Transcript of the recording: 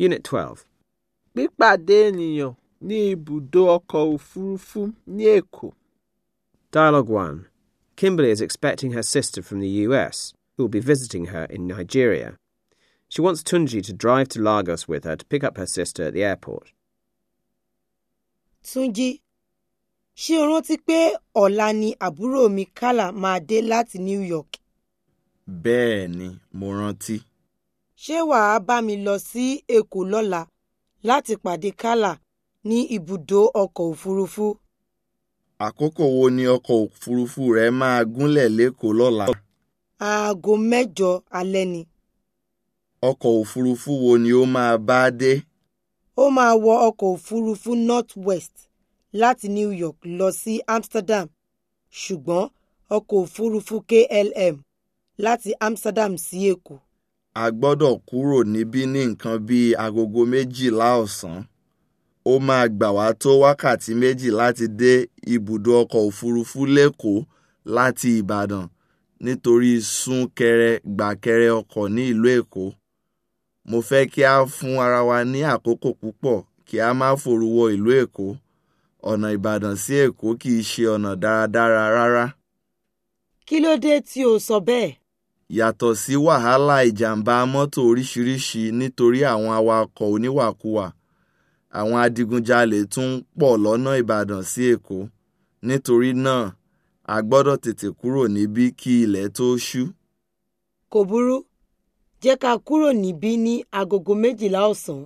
Unit 12. ní ibùdó ọkọ̀ ní Èkó. Dialogue 1. Kimberly is expecting her sister from the US, who will be visiting her in Nigeria. She wants Tunji to drive to Lagos with her to pick up her sister at the airport. Tunji, she o pé ọ̀la ni àbúrò mi Kala ma dé láti New York? Bẹ́ẹ̀ moranti. rántí. Ṣé wà á bá mi lọ sí Èkó lọ́la láti pàdé Karla ní ibùdó ọkọ̀-òfúrufú? Àkókò wo ni ọkọ̀-òfúrufú rẹ máa gúnlẹ̀ l'Ékòó lọ́la? Aago mẹ́jọ alẹ́ ni. Ọkọ̀-òfúrufú wo ni ó máa bá dé? Ó máa wọ ọkọ̀-òfúrufú Northwest láti New York lọ sí Amsterdam ṣùgbọ́n ọkọ̀-òfúrufú KLM láti Amsterdam sí Èkó a gbọ́dọ̀ kúrò níbí ní nǹkan bíi agogo méjìlá ọ̀sán ó máa gbà wá tó wákàtí méjì láti dé ibùdó ọkọ̀ òfurufú lẹ́kọ̀ọ́ láti ìbàdàn nítorí súnkẹrẹ gbàkẹrẹ ọkọ̀ ní ìlú èkó mo fẹ́ kí a fún ara wa ní àkókò púpọ̀ kí a má fòrúwọ ìlú èkó ọ̀nà ìbàdàn sí èkó kì í ṣe ọ̀nà dáradára rárá. kí ló dé tí o sọ bẹ́ẹ̀? yàtọ̀ sí wàhálà ìjàmbá mọ́tò oríṣiríṣiì nítorí àwọn awakọ̀ oníwàkuwà àwọn adigunjalè tún ń pọ̀ lọ́nà ìbàdàn sí èkó nítorí náà a gbọ́dọ̀ tètè kúrò níbí kí ilẹ̀ tó ṣú. kò burú jẹ́ ká kúrò níbí ní agogo méjìlá ọ̀sán.